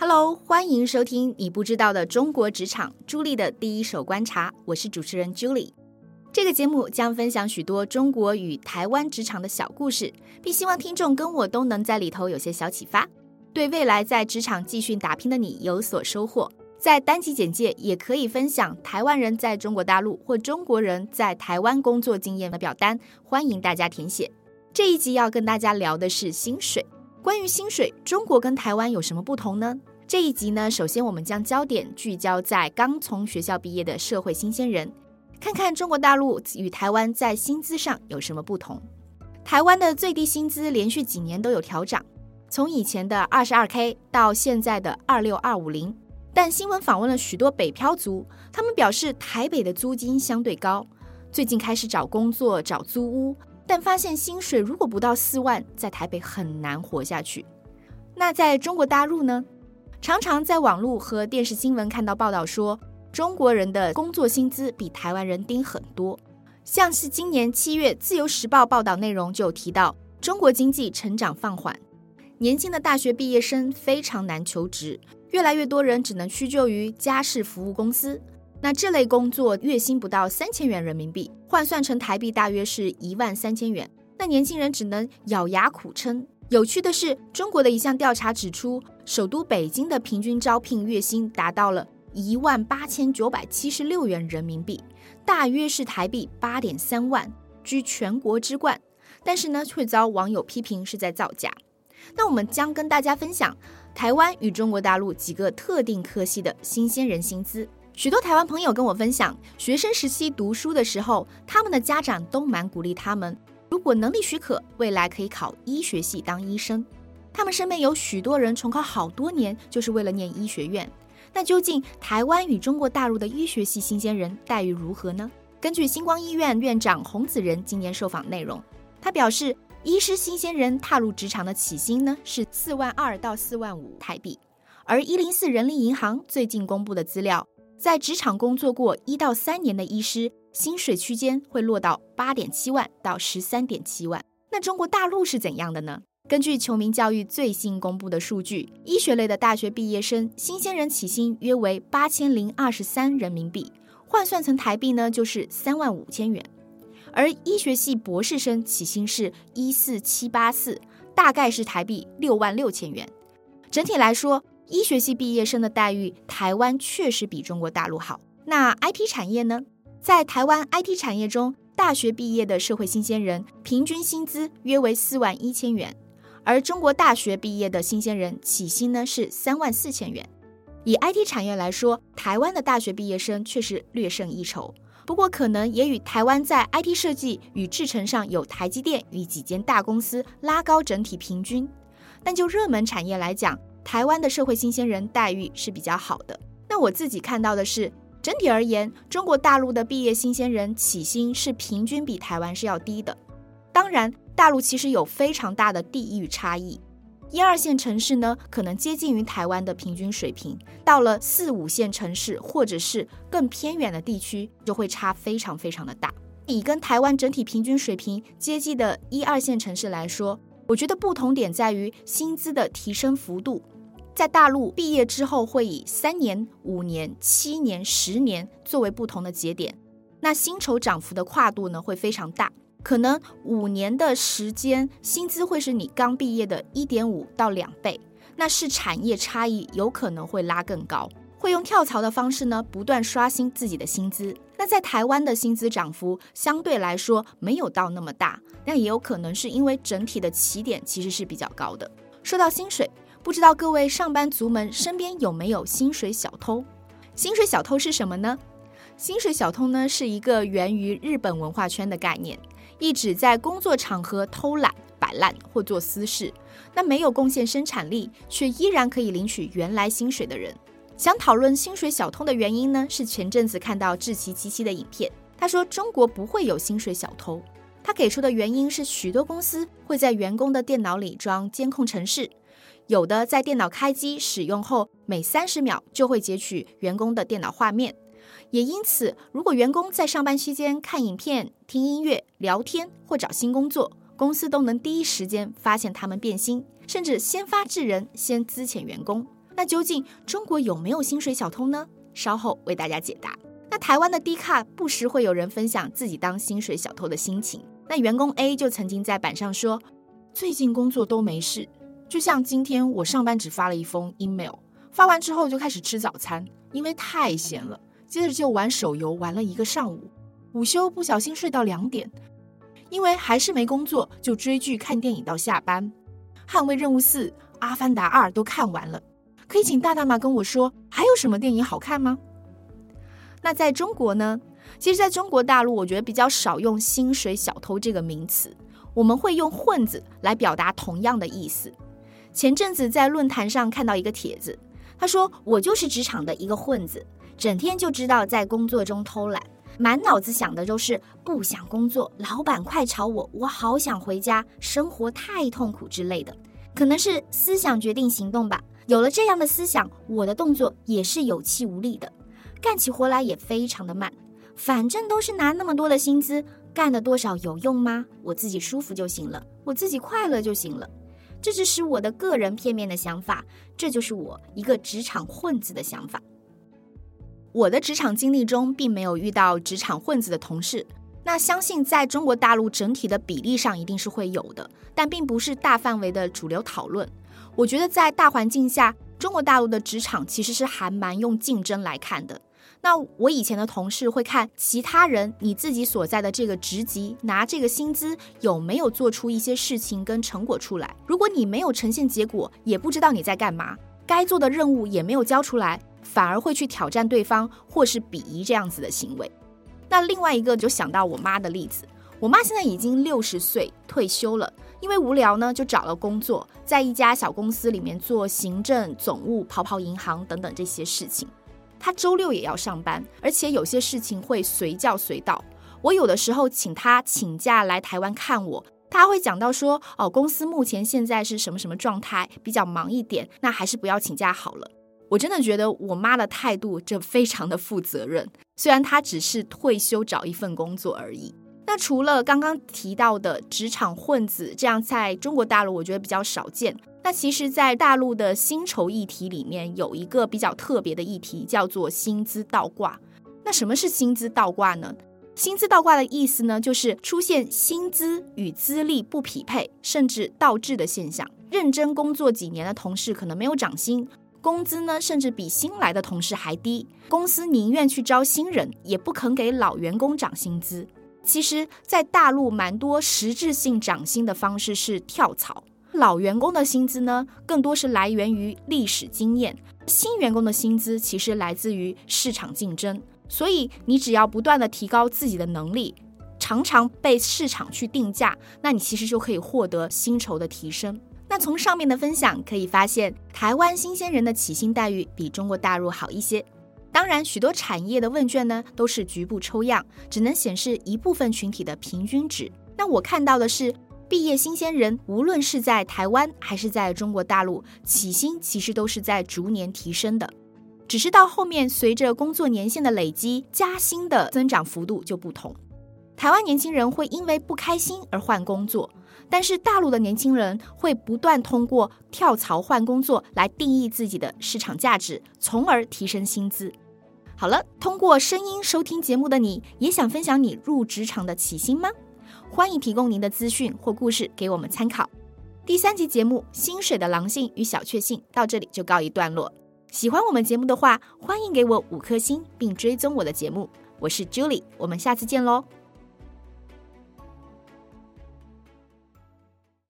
Hello，歡迎收聽你不知道的中國職場，朱俐的第一手觀察，我是主持人朱俐。這個節目將分享許多中國與台灣職場的小故事，並希望聽眾跟我都能在裡頭有些小啟發，對未來在職場繼續打拼的你有所收穫。在單集簡介也可以分享台灣人在中國大陸或中國人在台灣工作經驗的表單，歡迎大家填寫。這一集要跟大家聊的是薪水。關於薪水，中國跟台灣有什麼不同呢？這一集呢，首先我們將焦點聚焦在剛從學校畢業的社會新鮮人，看看中國大陸與台灣在薪資上有什麼不同。台灣的最低薪資連續幾年都有調漲，從以前的二十二 K 到現在的二六二五零。但新聞訪問了許多北漂族，他們表示台北的租金相對高，最近開始找工作找租屋，但發現薪水如果不到四萬，在台北很難活下去。那在中國大陸呢？常常在網絡和電視新聞看到報道說，中國人的工作薪資比台灣人低很多。像是今年七月《自由時報》報道內容就有提到，中國經濟成長放緩，年輕的大學畢業生非常難求職，越來越多人只能屈就於家事服務公司。那這類工作月薪不到三千元人民幣，換算成台幣大約是一萬三千元，那年輕人只能咬牙苦撐。有趣的是，中國的一項調查指出，首都北京的平均招聘月薪達到了一萬八千九百七十六元人民幣，大約是台幣八點三萬，居全國之冠。但是呢，卻遭網友批評是在造假。那我們將跟大家分享台灣與中國大陸幾個特定科系的新鮮人薪資。許多台灣朋友跟我分享，學生時期讀書的時候，他們的家長都蠻鼓勵他們。如果能力許可，未來可以考醫學系當醫生。他們身邊有許多人重考好多年，就是為了念醫學院。那究竟台灣與中國大陸的醫學系新鮮人待遇如何呢？根據新光醫院院長洪子仁今年受訪內容，他表示，醫師新鮮人踏入職場的起薪呢是四萬二到四萬五台幣，而一零四人力銀行最近公布的資料。在職場工作過一到三年的醫師，薪水區間會落到八點七萬到十三點七萬。那中國大陸是怎樣的呢？根據求名教育最新公布的數據，醫學類的大學畢業生新鮮人起薪約為八千零二十三人民幣，換算成台幣呢，就是三萬五千元。而醫學系博士生起薪是一四七八四，大概是台幣六萬六千元。整體來說，醫學系畢業生的待遇，台灣確實比中國大陸好。那 IT 產業呢？在台灣 IT 產業中，大學畢業的社會新鮮人平均薪資約為四萬一千元，而中國大學畢業的新鮮人起薪呢是三萬四千元。以 IT 產業來說，台灣的大學畢業生確實略勝一籌。不過，可能也與台灣在 IT 設計與制程上有台積電與幾間大公司拉高整體平均。但就熱門產業來講，台灣的社會新鮮人待遇是比較好的。那我自己看到的是，整體而言，中國大陸的畢業新鮮人起薪是平均比台灣是要低的。當然，大陸其實有非常大的地域差異，一二線城市呢可能接近於台灣的平均水平，到了四五線城市或者是更偏遠的地區，就會差非常非常的大。以跟台灣整體平均水平接近的一二線城市來說，我覺得不同點在於薪資的提升幅度。在大陸畢業之後，會以三年、五年、七年、十年作為不同的節點，那薪酬漲幅的跨度呢，會非常大。可能五年的時間，薪資會是你剛畢業的一點五到兩倍，那是產業差異有可能會拉更高，會用跳槽的方式呢，不斷刷新自己的薪資。那在台灣的薪資漲幅相對來說沒有到那麼大，那也有可能是因為整體的起點其實是比較高的。說到薪水。不知道各位上班族們身邊有沒有薪水小偷？薪水小偷是什麼呢？薪水小偷呢是一個源於日本文化圈的概念，意指在工作場合偷懶、擺爛或做私事，那沒有貢獻生產力卻依然可以領取原來薪水的人。想討論薪水小偷的原因呢，是前陣子看到志祺七七的影片，他說中國不會有薪水小偷，他給出的原因是許多公司會在員工的電腦裡裝監控程序。有的在電腦開機使用後，每三十秒就會截取員工的電腦畫面，也因此，如果員工在上班期間看影片、聽音樂、聊天或找新工作，公司都能第一時間發現他們變心，甚至先發制人，先資遣員工。那究竟中國有沒有薪水小偷呢？稍後為大家解答。那台灣的 D 卡不時會有人分享自己當薪水小偷的心情。那員工 A 就曾經在板上說，最近工作都沒事。就像今天我上班只發了一封 email，發完之後就開始吃早餐，因為太閒了。接着就玩手遊，玩了一個上午。午休不小心睡到兩點，因為還是沒工作，就追劇看電影到下班。捍衛任務四，《阿凡達二》都看完了。可以請大大媽跟我說，還有什麼電影好看嗎？那在中國呢？其實在中國大陸，我覺得比較少用“薪水小偷”這個名詞，我們會用“混子”來表達同樣的意思。前陣子在論壇上看到一個帖子，他說：“我就是職場的一個混子，整天就知道在工作中偷懶，滿腦子想的都是不想工作，老闆快炒我，我好想回家，生活太痛苦之類的。可能是思想決定行動吧，有了這樣的思想，我的動作也是有氣無力的，幹起活來也非常的慢。反正都是拿那麼多的薪資，幹了多少有用嗎？我自己舒服就行了，我自己快樂就行了。”這只是我的個人片面的想法，這就是我一個職場混子的想法。我的職場經歷中並沒有遇到職場混子的同事，那相信在中國大陸整體的比例上一定是會有的，但並不是大範圍的主流討論。我覺得在大環境下，中國大陸的職場其實是還蠻用競爭來看的。那我以前的同事會看其他人，你自己所在的這個職級拿這個薪資有沒有做出一些事情跟成果出來。如果你沒有呈現結果，也不知道你在幹嘛，該做的任務也沒有交出來，反而會去挑戰對方，或是鄙夷這樣子的行為。那另外一個就想到我媽的例子，我媽現在已經六十歲退休了，因為無聊呢，就找了工作，在一家小公司裡面做行政、總務、跑跑銀行等等這些事情。他周六也要上班，而且有些事情會隨叫隨到。我有的時候請他請假來台灣看我，他會講到說：“哦，公司目前現在是什麼什麼狀態，比較忙一點，那還是不要請假好了。”我真的覺得我媽的態度就非常的負責任，雖然她只是退休找一份工作而已。那除了剛剛提到的職場混子，這樣在中國大陸我覺得比較少見。那其實，在大陸的薪酬議題裡面，有一個比較特別的議題，叫做薪資倒掛。那什麼是薪資倒掛呢？薪資倒掛的意思呢，就是出現薪資與資歷不匹配，甚至倒置的現象。認真工作幾年的同事可能沒有漲薪，工資呢甚至比新來的同事還低。公司寧願去招新人，也不肯給老員工漲薪資。其實，在大陸，蠻多實質性漲薪的方式是跳槽。老員工的薪資呢，更多是來源於歷史經驗；新員工的薪資其實來自於市場競爭。所以，你只要不斷地提高自己的能力，常常被市場去定價，那你其實就可以獲得薪酬的提升。那從上面的分享可以發現，台灣新鮮人的起薪待遇比中國大陸好一些。當然，許多產業的問卷呢都是局部抽樣，只能顯示一部分群體的平均值。那我看到的是，畢業新鮮人無論是在台灣還是在中國大陸，起薪其實都是在逐年提升的，只是到後面隨着工作年限的累積，加薪的增長幅度就不同。台灣年輕人會因為不開心而換工作，但是大陸的年輕人會不斷通過跳槽換工作來定義自己的市場價值，從而提升薪資。好了，通過聲音收聽節目的你也想分享你入職場的起心嗎？歡迎提供您的資訊或故事給我們參考。第三集節目《薪水的狼性與小確幸》到這裡就告一段落。喜歡我們節目的話，歡迎給我五顆星並追蹤我的節目。我是 Julie，我們下次見嘍。